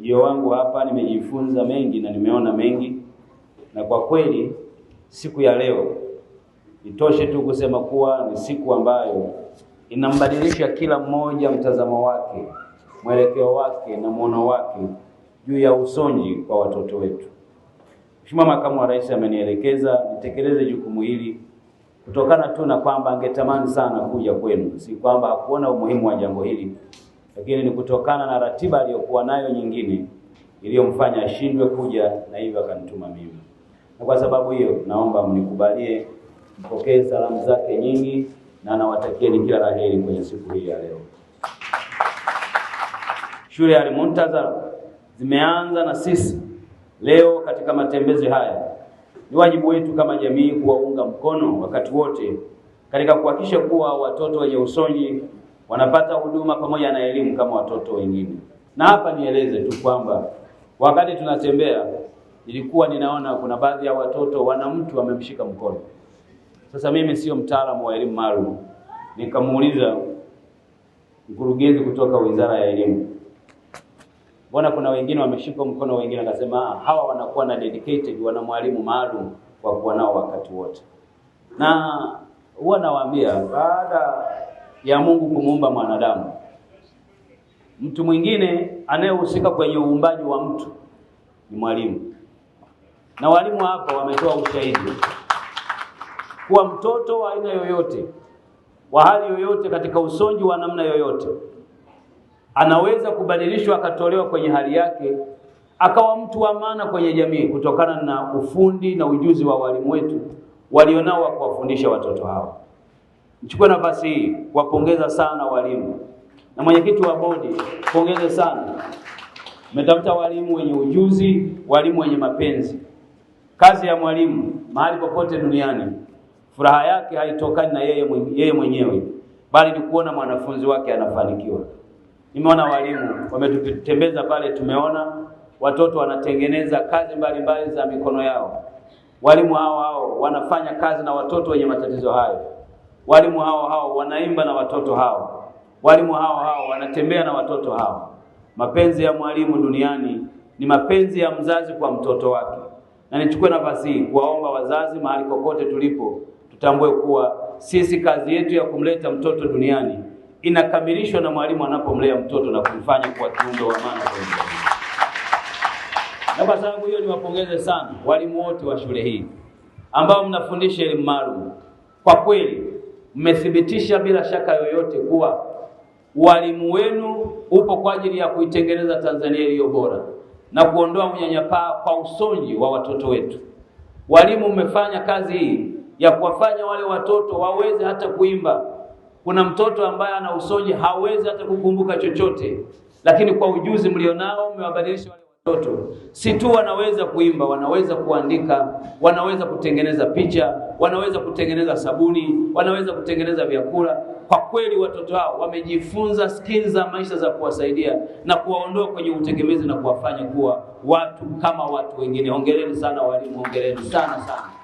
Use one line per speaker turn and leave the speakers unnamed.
ujio wangu hapa nimejifunza mengi na nimeona mengi, na kwa kweli siku ya leo itoshe tu kusema kuwa ni siku ambayo inambadilisha kila mmoja mtazamo wake, mwelekeo wake na muono wake juu ya usonji kwa watoto wetu. Mheshimiwa Makamu wa Rais amenielekeza nitekeleze jukumu hili kutokana tu na kwamba angetamani sana kuja kwenu, si kwamba hakuona umuhimu wa jambo hili, lakini ni kutokana na ratiba aliyokuwa nayo nyingine iliyomfanya ashindwe kuja na hivyo akanituma mimi. Na kwa sababu hiyo, naomba mnikubalie mpokee salamu zake nyingi, na nawatakieni kila la heri kwenye siku hii ya leo. Shule ya Al-Muntazir zimeanza na sisi leo katika matembezi haya. Ni wajibu wetu kama jamii kuwaunga mkono wakati wote katika kuhakikisha kuwa watoto wenye usonji wanapata huduma pamoja na elimu kama watoto wengine. Na hapa nieleze tu kwamba wakati tunatembea ilikuwa ninaona kuna baadhi ya watoto wana mtu amemshika mkono. Sasa mimi sio mtaalamu wa elimu maalum, nikamuuliza mkurugenzi kutoka Wizara ya Elimu, mbona kuna wengine wameshika mkono, wengine akasema ah, hawa wanakuwa na dedicated, wana mwalimu maalum kwa kuwa nao wakati wote, na huwa nawaambia baada ya Mungu kumuumba mwanadamu. Mtu mwingine anayehusika kwenye uumbaji wa mtu ni mwalimu, na walimu hapa wametoa ushahidi kuwa mtoto wa aina yoyote wa hali yoyote katika usonji wa namna yoyote anaweza kubadilishwa akatolewa kwenye hali yake akawa mtu wa maana kwenye jamii kutokana na ufundi na ujuzi wa walimu wetu walionao wa kuwafundisha watoto hao. Nichukue nafasi hii kuwapongeza sana walimu na mwenyekiti wa bodi, pongeze sana. Mmetafuta walimu wenye ujuzi, walimu wenye mapenzi. Kazi ya mwalimu mahali popote duniani, furaha yake haitokani na yeye yeye mwenyewe, bali ni kuona mwanafunzi wake anafanikiwa. Nimeona walimu wametutembeza pale, tumeona watoto wanatengeneza kazi mbalimbali mbali za mikono yao. Walimu hao hao wanafanya kazi na watoto wenye matatizo hayo walimu hao hao wanaimba na watoto hao, walimu hao hao wanatembea na watoto hao. Mapenzi ya mwalimu duniani ni mapenzi ya mzazi kwa mtoto wake, na nichukue nafasi hii kuwaomba wazazi mahali kokote tulipo, tutambue kuwa sisi kazi yetu ya kumleta mtoto duniani inakamilishwa na mwalimu anapomlea mtoto na kumfanya kuwa kiumbe wa maana kwa jamii. Na kwa sababu hiyo niwapongeze sana walimu wote wa shule hii ambao mnafundisha elimu maalum. Kwa kweli mmethibitisha bila shaka yoyote kuwa walimu wenu upo kwa ajili ya kuitengeneza Tanzania iliyo bora na kuondoa unyanyapaa kwa usonji wa watoto wetu. Walimu, mmefanya kazi hii ya kuwafanya wale watoto waweze hata kuimba. Kuna mtoto ambaye ana usonji hawezi hata kukumbuka chochote, lakini kwa ujuzi mlionao mmewabadilisha wale watoto si tu wanaweza kuimba, wanaweza kuandika, wanaweza kutengeneza picha, wanaweza kutengeneza sabuni, wanaweza kutengeneza vyakula. Kwa kweli watoto hao wamejifunza skills za maisha za kuwasaidia na kuwaondoa kwenye utegemezi na kuwafanya kuwa watu kama watu wengine. Hongereni sana walimu, hongereni sana sana.